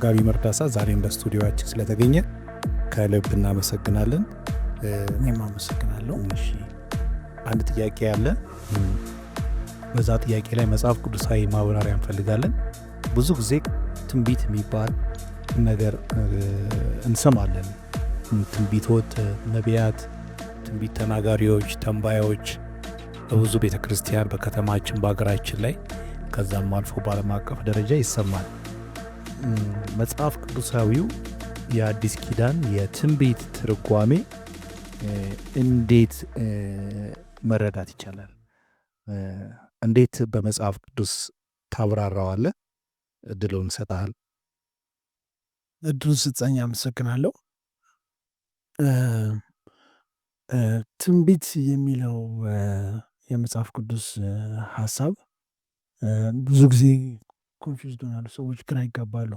መጋቢ መርዳሳ ዛሬም በስቱዲዮችን ስለተገኘ ከልብ እናመሰግናለን። እኔም አመሰግናለሁ። አንድ ጥያቄ አለ። በዛ ጥያቄ ላይ መጽሐፍ ቅዱሳዊ ማብራሪያ እንፈልጋለን። ብዙ ጊዜ ትንቢት የሚባል ነገር እንሰማለን። ትንቢቶት፣ ነቢያት፣ ትንቢት ተናጋሪዎች፣ ተንባዮች በብዙ ቤተ ክርስቲያን በከተማችን፣ በሀገራችን ላይ ከዛም አልፎ በዓለም አቀፍ ደረጃ ይሰማል። መጽሐፍ ቅዱሳዊው የአዲስ ኪዳን የትንቢት ትርጓሜ እንዴት መረዳት ይቻላል? እንዴት በመጽሐፍ ቅዱስ ታብራራዋለ? እድሉን ሰጠሃል። እድሉን ስጠኝ፣ አመሰግናለሁ። ትንቢት የሚለው የመጽሐፍ ቅዱስ ሀሳብ ብዙ ጊዜ ኮንፊውዝድ ሆናሉ ሰዎች፣ ግራ ይጋባሉ።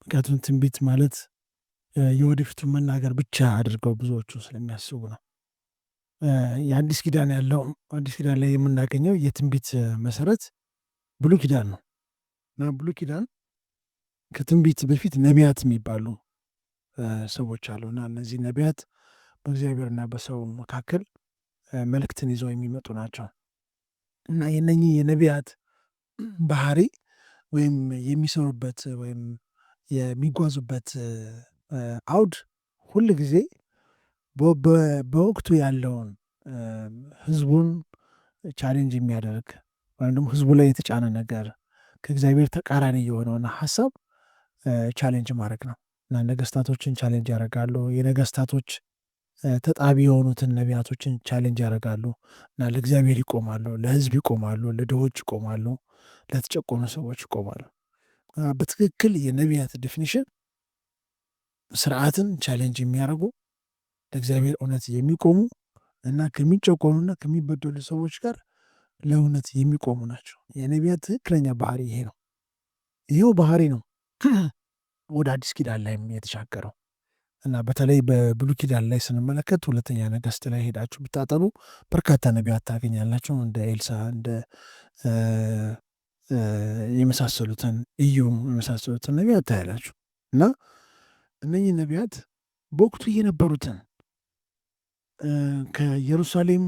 ምክንያቱም ትንቢት ማለት የወደፊቱን መናገር ብቻ አድርገው ብዙዎቹ ስለሚያስቡ ነው። የአዲስ ኪዳን ያለው አዲስ ኪዳን ላይ የምናገኘው የትንቢት መሰረት ብሉ ኪዳን ነው እና ብሉ ኪዳን ከትንቢት በፊት ነቢያት የሚባሉ ሰዎች አሉ እና እነዚህ ነቢያት በእግዚአብሔርና በሰው መካከል መልእክትን ይዘው የሚመጡ ናቸው እና የነኚህ የነቢያት ባህሪ ወይም የሚሰሩበት ወይም የሚጓዙበት አውድ ሁል ጊዜ በወቅቱ ያለውን ህዝቡን ቻሌንጅ የሚያደርግ ወይም ደግሞ ህዝቡ ላይ የተጫነ ነገር ከእግዚአብሔር ተቃራኒ የሆነውን ሀሳብ ቻሌንጅ ማድረግ ነው እና ነገስታቶችን ቻሌንጅ ያደርጋሉ። የነገስታቶች ተጣቢ የሆኑትን ነቢያቶችን ቻሌንጅ ያደርጋሉ እና ለእግዚአብሔር ይቆማሉ፣ ለህዝብ ይቆማሉ፣ ለድሆች ይቆማሉ። ለተጨቆኑ ሰዎች ይቆማሉ። በትክክል የነቢያት ዴፊኒሽን ስርዓትን ቻሌንጅ የሚያደርጉ ለእግዚአብሔር እውነት የሚቆሙ እና ከሚጨቆኑና ከሚበደሉ ሰዎች ጋር ለእውነት የሚቆሙ ናቸው። የነቢያት ትክክለኛ ባህሪ ይሄ ነው። ይኸው ባህሪ ነው ወደ አዲስ ኪዳን ላይ የተሻገረው እና በተለይ በብሉ ኪዳን ላይ ስንመለከት ሁለተኛ ነገስት ላይ ሄዳችሁ ብታጠኑ በርካታ ነቢያት ታገኛላቸው። እንደ ኤልሳ እንደ የመሳሰሉትን እዩ የመሳሰሉትን ነቢያት ታያላችሁ። እና እነኚህ ነቢያት በወቅቱ የነበሩትን ከኢየሩሳሌም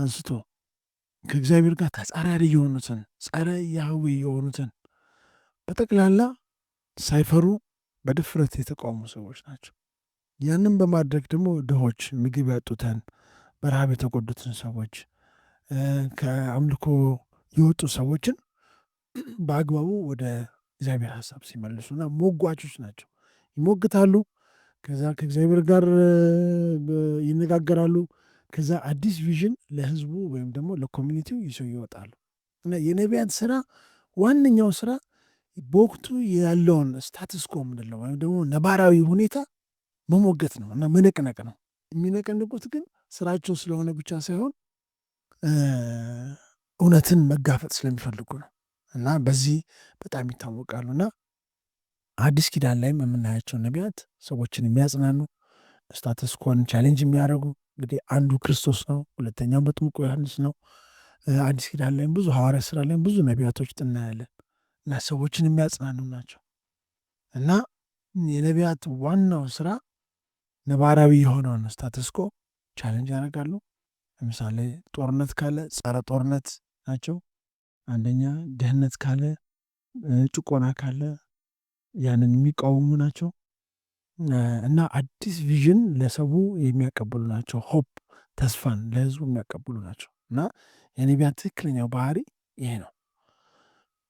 አንስቶ ከእግዚአብሔር ጋር ተጻራሪ የሆኑትን ጸረ ያህዌ የሆኑትን በጠቅላላ ሳይፈሩ በድፍረት የተቃውሙ ሰዎች ናቸው። ያንን በማድረግ ደግሞ ድሆች፣ ምግብ ያጡትን፣ በረሃብ የተጎዱትን ሰዎች ከአምልኮ የወጡ ሰዎችን በአግባቡ ወደ እግዚአብሔር ሀሳብ ሲመልሱና ሞጓቾች ናቸው። ይሞግታሉ፣ ከዛ ከእግዚአብሔር ጋር ይነጋገራሉ፣ ከዛ አዲስ ቪዥን ለህዝቡ ወይም ደግሞ ለኮሚኒቲው ይዘው ይወጣሉ። እና የነቢያት ስራ ዋነኛው ስራ በወቅቱ ያለውን ኮ ምንለው ወይም ደግሞ ነባራዊ ሁኔታ መሞገት ነው እና መነቅነቅ ነው። የሚነቀንቁት ግን ስራቸው ስለሆነ ብቻ ሳይሆን እውነትን መጋፈጥ ስለሚፈልጉ ነው እና በዚህ በጣም ይታወቃሉ እና አዲስ ኪዳን ላይም የምናያቸው ነቢያት ሰዎችን የሚያጽናኑ ስታተስኮን ቻሌንጅ የሚያደርጉ እንግዲህ አንዱ ክርስቶስ ነው፣ ሁለተኛው መጥምቁ ዮሐንስ ነው። አዲስ ኪዳን ላይም ብዙ ሐዋርያ ስራ ላይም ብዙ ነቢያቶች እናያለን እና ሰዎችን የሚያጽናኑ ናቸው እና የነቢያት ዋናው ስራ ነባራዊ የሆነውን ስታተስኮ ቻሌንጅ ያደርጋሉ። ለምሳሌ ጦርነት ካለ ጸረ ጦርነት ናቸው። አንደኛ ድህነት ካለ ጭቆና ካለ ያንን የሚቃወሙ ናቸው። እና አዲስ ቪዥን ለሰቡ የሚያቀብሉ ናቸው። ሆፕ ተስፋን ለህዝቡ የሚያቀብሉ ናቸው። እና የነቢያት ትክክለኛው ባህሪ ይሄ ነው።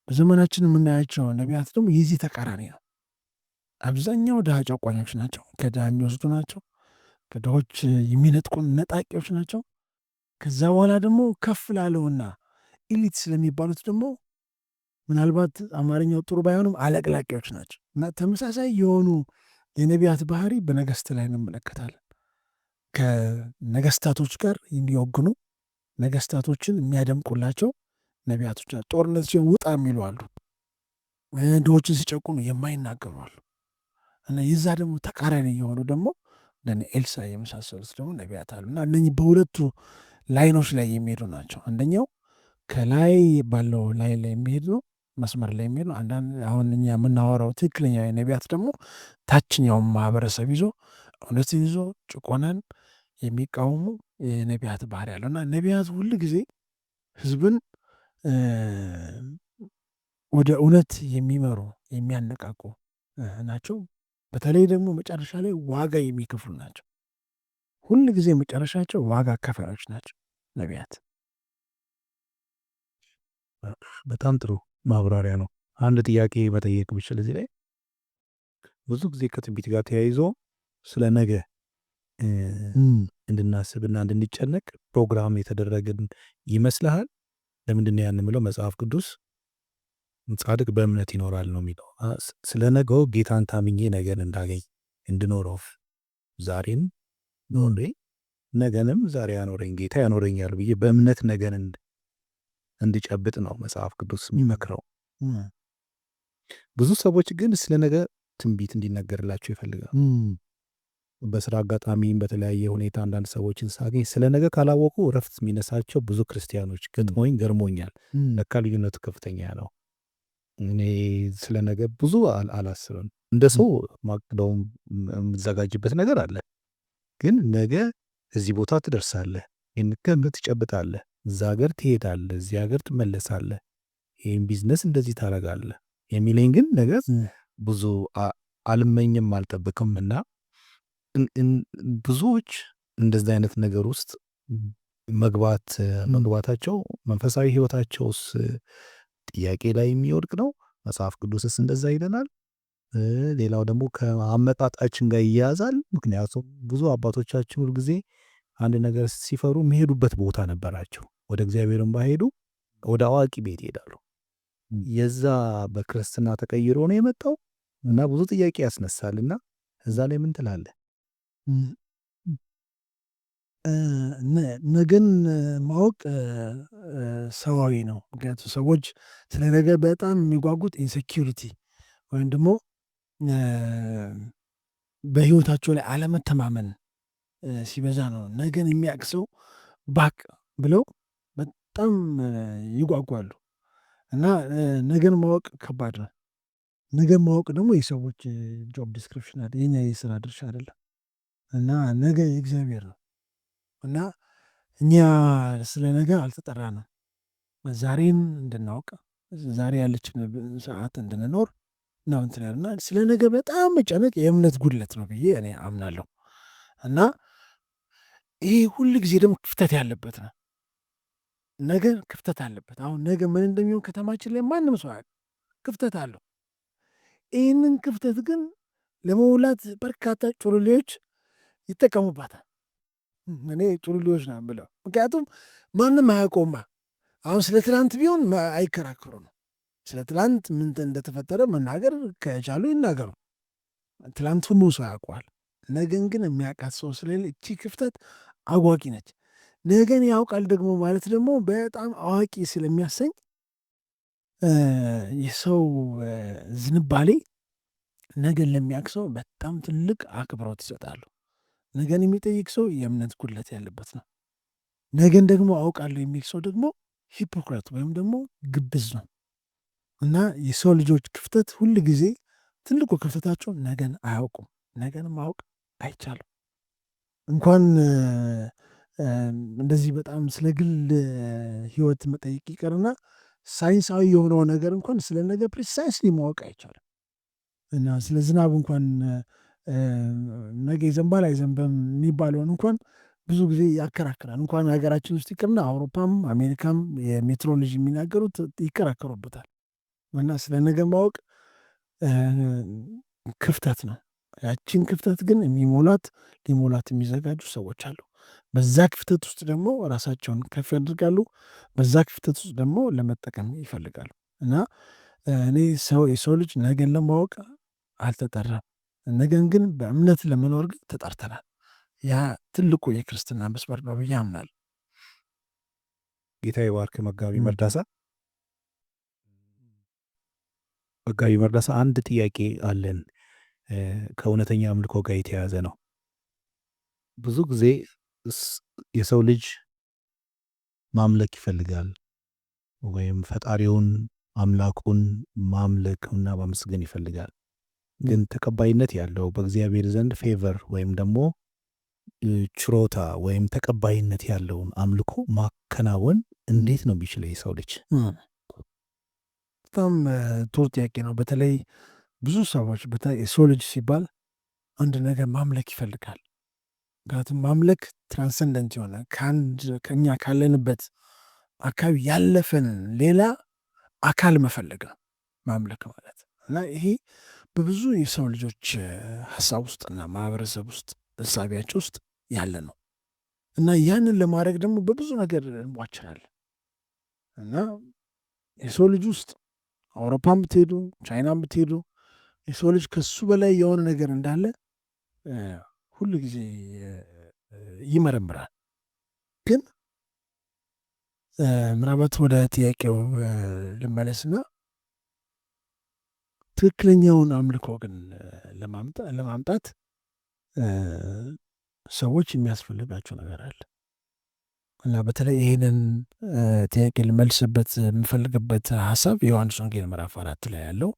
በዘመናችን የምናያቸው ነቢያት ደግሞ የዚህ ተቃራኒ ነው። አብዛኛው ድሃ ጨቋኞች ናቸው። ከድሃ የሚወስዱ ናቸው። ከድሆች የሚነጥቁን ነጣቂዎች ናቸው። ከዛ በኋላ ደግሞ ከፍ ላለውና ኢሊት ስለሚባሉት ደግሞ ምናልባት አማርኛው ጥሩ ባይሆንም አለቅላቂዎች ናቸው እና ተመሳሳይ የሆኑ የነቢያት ባህሪ በነገስት ላይ እንመለከታለን። ከነገስታቶች ጋር የሚወግኑ ነገስታቶችን የሚያደምቁላቸው ነቢያቶች ናቸው። ጦርነት ሲሆን ውጣ የሚሉ አሉ። ድሆችን ሲጨቁኑ የማይናገሩ አሉ እና የዛ ደግሞ ተቃራኒ የሆኑ ደግሞ እንደ ኤልሳ የመሳሰሉት ደግሞ ነቢያት አሉ እና እነህ በሁለቱ ላይኖች ላይ የሚሄዱ ናቸው አንደኛው ከላይ ባለው ላይ ላይ የሚሄድ ነው፣ መስመር ላይ የሚሄድ ነው። አንዳንድ አሁን እኛ የምናወራው ትክክለኛ ነቢያት ደግሞ ታችኛውን ማህበረሰብ ይዞ እውነት ይዞ ጭቆናን የሚቃወሙ የነቢያት ባህሪ ያለው እና ነቢያት ሁል ጊዜ ህዝብን ወደ እውነት የሚመሩ የሚያነቃቁ ናቸው። በተለይ ደግሞ መጨረሻ ላይ ዋጋ የሚከፍሉ ናቸው። ሁል ጊዜ መጨረሻቸው ዋጋ ከፋዮች ናቸው ነቢያት። በጣም ጥሩ ማብራሪያ ነው። አንድ ጥያቄ መጠየቅ ብችል እዚህ ላይ ብዙ ጊዜ ከትንቢት ጋር ተያይዞ ስለ ነገ እንድናስብና እንድንጨነቅ ፕሮግራም የተደረግን ይመስልሃል? ለምንድን ያን የምለው መጽሐፍ ቅዱስ ጻድቅ በእምነት ይኖራል ነው የሚለው። ስለ ነገው ጌታን ታምኜ ነገን እንዳገኝ እንድኖረው ዛሬን ኖሬ ነገንም ዛሬ ያኖረኝ ጌታ ያኖረኛል ብዬ በእምነት ነገን እንዲጨብጥ ነው መጽሐፍ ቅዱስ የሚመክረው። ብዙ ሰዎች ግን ስለ ነገ ትንቢት እንዲነገርላቸው ይፈልጋል። በስራ አጋጣሚ በተለያየ ሁኔታ አንዳንድ ሰዎችን ሳገኝ ስለ ነገ ካላወቁ እረፍት የሚነሳቸው ብዙ ክርስቲያኖች ገጥሞኝ ገርሞኛል። ለካ ልዩነቱ ከፍተኛ ነው። እኔ ስለ ነገ ብዙ አላስብም። እንደ ሰው ማቅደውም የምዘጋጅበት ነገር አለ። ግን ነገ እዚህ ቦታ ትደርሳለህ፣ ይህን ትጨብጣለህ እዛ ሀገር ትሄዳለህ፣ እዚህ ሀገር ትመለሳለህ፣ ይህም ቢዝነስ እንደዚህ ታደርጋለህ የሚለኝ ግን ነገር ብዙ አልመኝም አልጠብቅም። እና ብዙዎች እንደዚህ አይነት ነገር ውስጥ መግባት መግባታቸው መንፈሳዊ ህይወታቸውስ ጥያቄ ላይ የሚወድቅ ነው። መጽሐፍ ቅዱስስ እንደዛ ይለናል። ሌላው ደግሞ ከአመጣጣችን ጋር ይያያዛል። ምክንያቱም ብዙ አባቶቻችን ሁልጊዜ አንድ ነገር ሲፈሩ የሚሄዱበት ቦታ ነበራቸው። ወደ እግዚአብሔርን ባሄዱ ወደ አዋቂ ቤት ይሄዳሉ። የዛ በክርስትና ተቀይሮ ነው የመጣው እና ብዙ ጥያቄ ያስነሳል። እና እዛ ላይ ምን ትላለህ? ነገን ማወቅ ሰዋዊ ነው። ምክንያቱም ሰዎች ስለ ነገ በጣም የሚጓጉት ኢንሴኪሪቲ ወይም ደግሞ በህይወታቸው ላይ አለመተማመን ሲበዛ ነው። ነገን የሚያቅሰው ባክ ብለው በጣም ይጓጓሉ እና ነገን ማወቅ ከባድ ነው። ነገን ማወቅ ደግሞ የሰዎች ጆብ ዲስክሪፕሽን አለ፣ የኛ የስራ ድርሻ አይደለም። እና ነገ የእግዚአብሔር ነው። እና እኛ ስለ ነገ አልተጠራንም። ዛሬን እንድናውቅ ዛሬ ያለችን ሰዓት እንድንኖር ነው እንትን ስለ ነገ በጣም መጨነቅ የእምነት ጉድለት ነው ብዬ እኔ አምናለሁ። እና ይሄ ሁል ጊዜ ደግሞ ክፍተት ያለበት ነው። ነገ ክፍተት አለበት። አሁን ነገ ምን እንደሚሆን ከተማችን ላይ ማንም ሰው ያለ ክፍተት አለው። ይህንን ክፍተት ግን ለመውላት በርካታ ጩሉሌዎች ይጠቀሙባታል። እኔ ጩሉሌዎች ነው ብለው ምክንያቱም ማንም አያውቀውማ። አሁን ስለ ትላንት ቢሆን አይከራክሩ ነው። ስለ ትላንት ምን እንደተፈጠረ መናገር ከቻሉ ይናገሩ። ትናንት ሁሉ ሰው ያውቀዋል። ነገን ግን የሚያውቃት ሰው ስለሌለ እቺ ክፍተት አጓጊ ነች። ነገን ያውቃል ደግሞ ማለት ደግሞ በጣም አዋቂ ስለሚያሰኝ የሰው ዝንባሌ ነገን ለሚያውቅ ሰው በጣም ትልቅ አክብሮት ይሰጣሉ። ነገን የሚጠይቅ ሰው የእምነት ጉድለት ያለበት ነው። ነገን ደግሞ አውቃለሁ የሚል ሰው ደግሞ ሂፖክራት ወይም ደግሞ ግብዝ ነው እና የሰው ልጆች ክፍተት ሁል ጊዜ ትልቁ ክፍተታቸው ነገን አያውቁም። ነገን ማወቅ አይቻልም እንኳን እንደዚህ በጣም ስለ ግል ህይወት መጠየቅ ይቀርና ሳይንሳዊ የሆነው ነገር እንኳን ስለ ነገር ፕሪሳይስሊ ማወቅ አይቻልም። እና ስለ ዝናብ እንኳን ነገ ይዘንባል አይዘንበም የሚባለውን እንኳን ብዙ ጊዜ ያከራክራል። እንኳን ሀገራችን ውስጥ ይቅርና አውሮፓም አሜሪካም የሜትሮሎጂ የሚናገሩት ይከራከሩበታል። እና ስለ ነገ ማወቅ ክፍተት ነው። ያችን ክፍተት ግን የሚሞላት ሊሞላት የሚዘጋጁ ሰዎች አሉ። በዛ ክፍተት ውስጥ ደግሞ ራሳቸውን ከፍ ያደርጋሉ። በዛ ክፍተት ውስጥ ደግሞ ለመጠቀም ይፈልጋሉ እና እኔ ሰው የሰው ልጅ ነገን ለማወቅ አልተጠራም፣ ነገን ግን በእምነት ለመኖር ግን ተጠርተናል። ያ ትልቁ የክርስትና መስመር ነው ብዬ አምናለሁ። ጌታ ይባርክ። መጋቢ መርዳሳ መጋቢ መርዳሳ፣ አንድ ጥያቄ አለን፣ ከእውነተኛ አምልኮ ጋር የተያያዘ ነው። ብዙ ጊዜ የሰው ልጅ ማምለክ ይፈልጋል ወይም ፈጣሪውን አምላኩን ማምለክና ማመስገን ይፈልጋል። ግን ተቀባይነት ያለው በእግዚአብሔር ዘንድ ፌቨር ወይም ደግሞ ችሮታ ወይም ተቀባይነት ያለውን አምልኮ ማከናወን እንዴት ነው የሚችለው የሰው ልጅ? በጣም ጥሩ ጥያቄ ነው። በተለይ ብዙ ሰዎች የሰው ልጅ ሲባል አንድ ነገር ማምለክ ይፈልጋል ምክንያቱም ማምለክ ትራንሰንደንት የሆነ ከአንድ ከኛ ካለንበት አካባቢ ያለፈን ሌላ አካል መፈለግ ነው ማምለክ ማለት እና ይሄ በብዙ የሰው ልጆች ሀሳብ ውስጥና ማህበረሰብ ውስጥ እሳቢያቸው ውስጥ ያለ ነው እና ያንን ለማድረግ ደግሞ በብዙ ነገር እንቧችላለን እና የሰው ልጅ ውስጥ አውሮፓን ብትሄዱ ቻይናን ብትሄዱ የሰው ልጅ ከሱ በላይ የሆነ ነገር እንዳለ ሁሉ ጊዜ ይመረምራል። ግን ምናልባት ወደ ጥያቄው ልመለስና ትክክለኛውን አምልኮ ግን ለማምጣት ሰዎች የሚያስፈልጋቸው ነገር አለ እና በተለይ ይህንን ጥያቄ ልመልስበት የምፈልግበት ሀሳብ የዮሐንስ ወንጌል ምዕራፍ አራት ላይ ያለው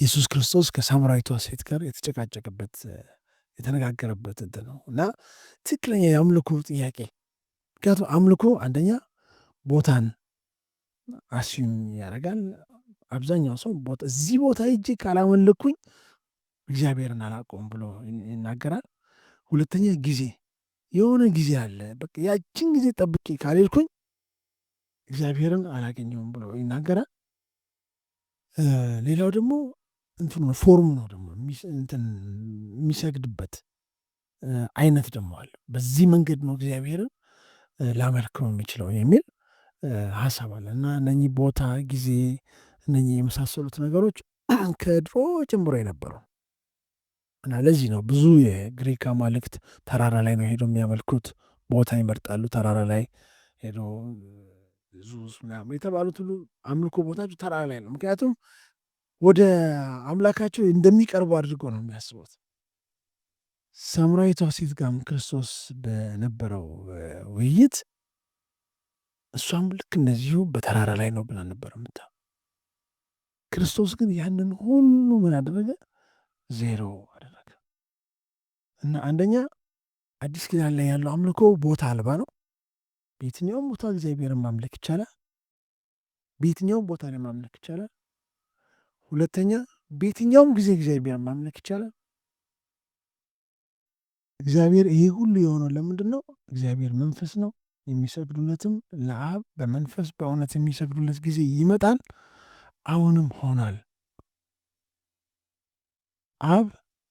ኢየሱስ ክርስቶስ ከሳምራዊቷ ሴት ጋር የተጨቃጨቀበት የተነጋገረበት እንትን ነው እና ትክክለኛ የአምልኮ ጥያቄ። ምክንያቱም አምልኮ አንደኛ ቦታን አስዩም ያደርጋል። አብዛኛው ሰው እዚህ ቦታ እጅ ካላመለኩኝ እግዚአብሔርን አላቆም ብሎ ይናገራል። ሁለተኛ ጊዜ፣ የሆነ ጊዜ አለ በቃ ያችን ጊዜ ጠብቄ ካልሄድኩኝ እግዚአብሔርን አላገኘውም ብሎ ይናገራል። ሌላው ደግሞ እንትኑ ፎርሙ ነው ደግሞ የሚሰግድበት አይነት ደግሞ አለ። በዚህ መንገድ ነው እግዚአብሔርን ላመልከው የሚችለው የሚል ሀሳብ አለ እና እነኚህ ቦታ፣ ጊዜ፣ እነኚህ የመሳሰሉት ነገሮች ከድሮ ጀምሮ የነበሩ እና ለዚህ ነው ብዙ የግሪክ አማልክት ተራራ ላይ ነው ሄዶ የሚያመልኩት። ቦታ ይመርጣሉ። ተራራ ላይ ሄዶ ዙስ ምናምን የተባሉት ሁሉ አምልኮ ቦታ ተራራ ላይ ነው። ምክንያቱም ወደ አምላካቸው እንደሚቀርቡ አድርጎ ነው የሚያስቡት። ሳምራዊቷ ሴት ጋርም ክርስቶስ በነበረው ውይይት እሷም ልክ እንደዚሁ በተራራ ላይ ነው ብላ ነበር ምታ ክርስቶስ ግን ያንን ሁሉ ምን አደረገ? ዜሮ አደረገ እና አንደኛ አዲስ ኪዳን ላይ ያለው አምልኮ ቦታ አልባ ነው። በየትኛውም ቦታ እግዚአብሔርን ማምለክ ይቻላል። በየትኛውም ቦታ ላይ ማምለክ ይቻላል። ሁለተኛ በየትኛውም ጊዜ እግዚአብሔር ማምለክ ይቻላል። እግዚአብሔር ይሄ ሁሉ የሆነው ለምንድን ነው? እግዚአብሔር መንፈስ ነው። የሚሰግዱለትም ለአብ በመንፈስ በእውነት የሚሰግዱለት ጊዜ ይመጣል፣ አሁንም ሆኗል። አብ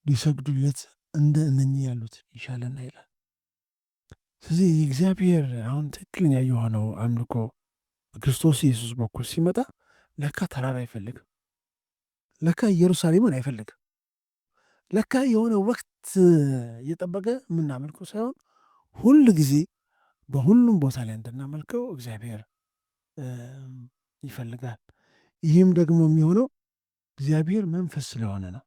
ሊሰግዱለት እንደ እነኚህ ያሉት ይሻለና ይላል። ስለዚህ የእግዚአብሔር አሁን ትክክለኛ የሆነው አምልኮ በክርስቶስ ኢየሱስ በኩል ሲመጣ ለካ ተራራ አይፈልግም። ለካ ኢየሩሳሌምን አይፈልግም። ለካ የሆነ ወቅት እየጠበቀ የምናመልከው ሳይሆን ሁል ጊዜ በሁሉም ቦታ ላይ እንድናመልከው እግዚአብሔር ይፈልጋል። ይህም ደግሞ የሚሆነው እግዚአብሔር መንፈስ ስለሆነ ነው።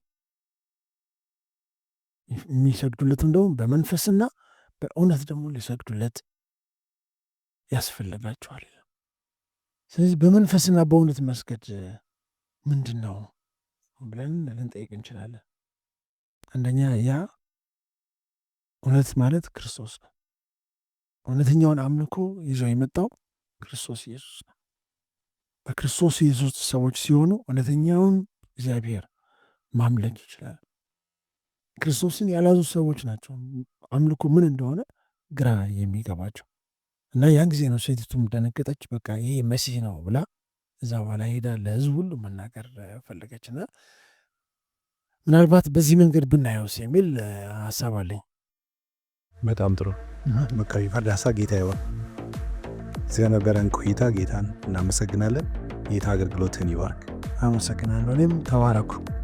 የሚሰግዱለትም ደግሞ በመንፈስና በእውነት ደግሞ ሊሰግዱለት ያስፈልጋቸዋል። ስለዚህ በመንፈስና በእውነት መስገድ ምንድን ነው? ብለን ልንጠይቅ እንችላለን። አንደኛ ያ እውነት ማለት ክርስቶስ ነው። እውነተኛውን አምልኮ ይዞ የመጣው ክርስቶስ ኢየሱስ ነው። በክርስቶስ ኢየሱስ ሰዎች ሲሆኑ እውነተኛውን እግዚአብሔር ማምለክ ይችላል። ክርስቶስን ያላዙ ሰዎች ናቸው አምልኮ ምን እንደሆነ ግራ የሚገባቸው እና ያን ጊዜ ነው ሴቲቱም ደነገጠች። በቃ ይሄ መሲህ ነው ብላ እዛ በኋላ ሄዳ ለህዝብ ሁሉ መናገር ፈለገች እና ምናልባት በዚህ መንገድ ብናየውስ የሚል ሀሳብ አለኝ። በጣም ጥሩ መካቢ ፈርዳሳ ጌታ ይሆን ስለነበረን ቆይታ ጌታን እናመሰግናለን። ጌታ አገልግሎትን ይባርክ። አመሰግናለሁ። እኔም ተባረኩ።